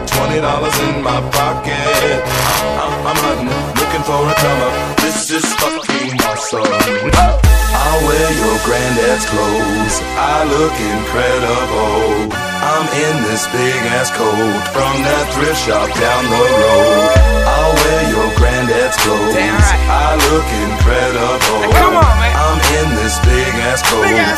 got twenty dollars in my pocket. I'm, I'm hunting, looking for a come up. This is fucking awesome. I'll wear your granddad's clothes. I look incredible. I'm in this big ass coat from that thrift shop down the road. I'll wear your granddad's clothes. I look incredible. I'm in this big ass coat.